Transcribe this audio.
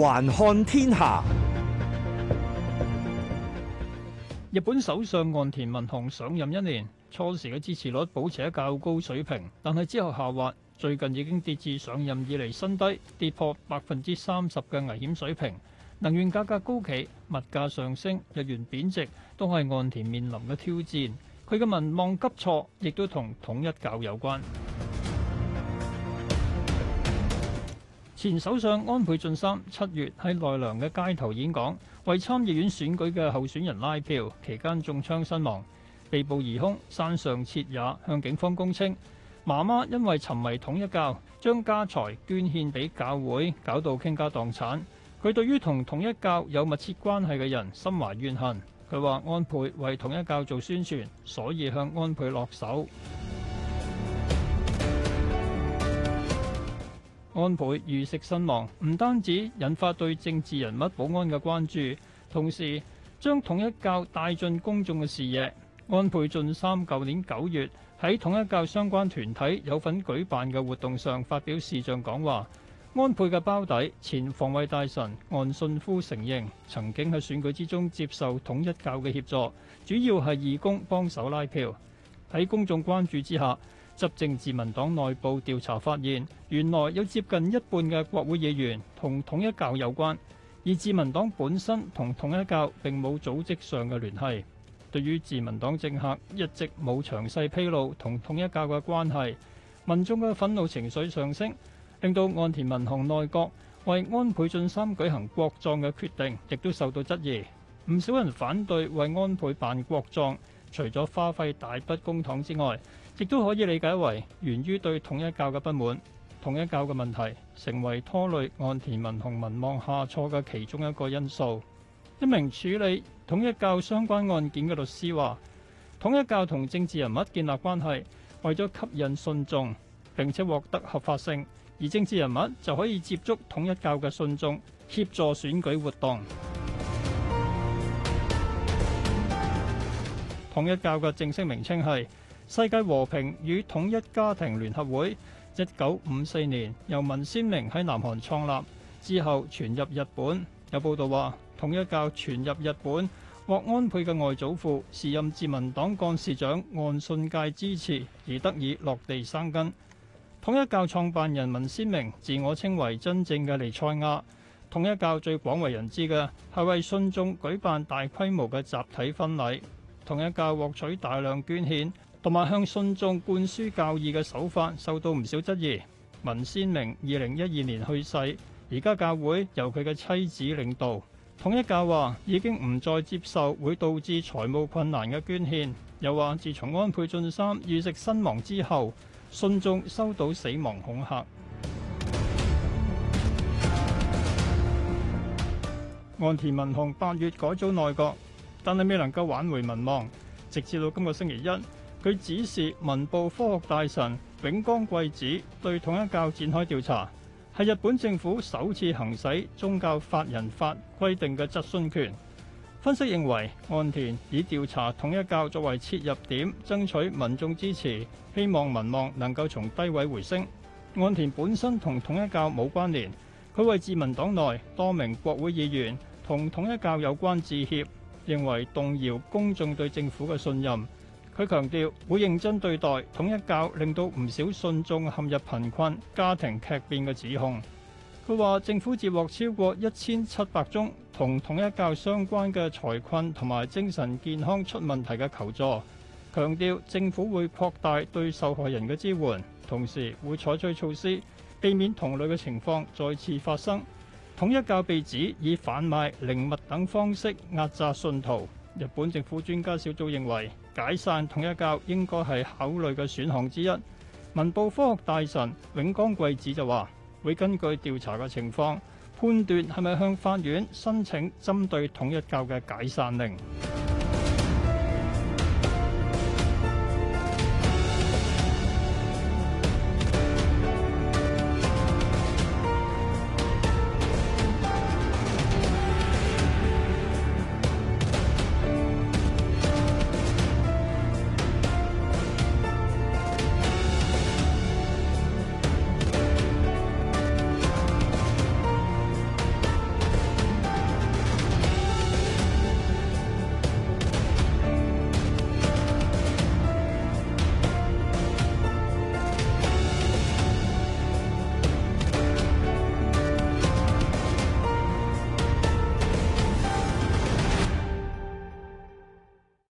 環看天下，日本首相岸田文雄上任一年，初時嘅支持率保持喺較高水平，但係之後下滑，最近已經跌至上任以嚟新低，跌破百分之三十嘅危險水平。能源價格高企、物價上升、日元貶值，都係岸田面臨嘅挑戰。佢嘅民望急挫，亦都同統一教有關。前首相安倍晉三七月喺奈良嘅街頭演講，為參議院選舉嘅候選人拉票期間中槍身亡，被捕疑凶山上徹也向警方供稱，媽媽因為沉迷統一教，將家財捐獻俾教會，搞到傾家蕩產。佢對於同統一教有密切關係嘅人心懷怨恨。佢話安倍為統一教做宣傳，所以向安倍落手。安倍遇刺身亡，唔單止引發對政治人物保安嘅關注，同時將統一教帶進公眾嘅視野。安倍晉三舊年九月喺統一教相關團體有份舉辦嘅活動上發表視像講話，安倍嘅胞弟前防衛大臣岸信夫承認曾經喺選舉之中接受統一教嘅協助，主要係義工幫手拉票。喺公眾關注之下，執政自民黨內部調查發現，原來有接近一半嘅國會議員同統一教有關，而自民黨本身同統一教並冇組織上嘅聯繫。對於自民黨政客一直冇詳細披露同統一教嘅關係，民眾嘅憤怒情緒上升，令到岸田文雄內閣為安倍晉三舉行國葬嘅決定，亦都受到質疑。唔少人反對為安倍辦國葬，除咗花費大筆公帑之外。亦都可以理解為源於對統一教嘅不滿，統一教嘅問題成為拖累岸田文雄民望下挫嘅其中一個因素。一名處理統一教相關案件嘅律師話，統一教同政治人物建立關係，為咗吸引信眾，並且獲得合法性，而政治人物就可以接觸統一教嘅信眾，協助選舉活動。統一教嘅正式名稱係。世界和平與統一家庭聯合會，一九五四年由文鮮明喺南韓創立，之後傳入日本。有報道話，統一教傳入日本，獲安倍嘅外祖父時任自民黨幹事長岸信介支持而得以落地生根。統一教創辦人文鮮明自我稱為真正嘅彌賽亞。統一教最廣為人知嘅係為信眾舉辦大規模嘅集體婚禮。統一教獲取大量捐獻。同埋向信眾灌輸教義嘅手法受到唔少質疑。文鮮明二零一二年去世，而家教會由佢嘅妻子領導。統一教話已經唔再接受會導致財務困難嘅捐獻，又話自從安倍晉三遇刺身亡之後，信眾收到死亡恐嚇。岸田文雄八月改組內閣，但係未能夠挽回民望，直至到今個星期一。佢指示文部科學大臣永岡桂子對統一教展開調查，係日本政府首次行使宗教法人法規定嘅質詢權。分析認為，岸田以調查統一教作為切入點，爭取民眾支持，希望民望能夠從低位回升。岸田本身同統一教冇關聯，佢為自民黨內多名國會議員同統一教有關致歉，認為動搖公眾對政府嘅信任。佢強調會認真對待統一教令到唔少信眾陷入貧困、家庭劇變嘅指控。佢話政府接獲超過一千七百宗同統一教相關嘅財困同埋精神健康出問題嘅求助，強調政府會擴大對受害人嘅支援，同時會採取措施避免同類嘅情況再次發生。統一教被指以販賣靈物等方式壓榨信徒。日本政府專家小組認為解散統一教應該係考慮嘅選項之一。文部科學大臣永岡桂子就話：會根據調查嘅情況，判斷係咪向法院申請針對統一教嘅解散令。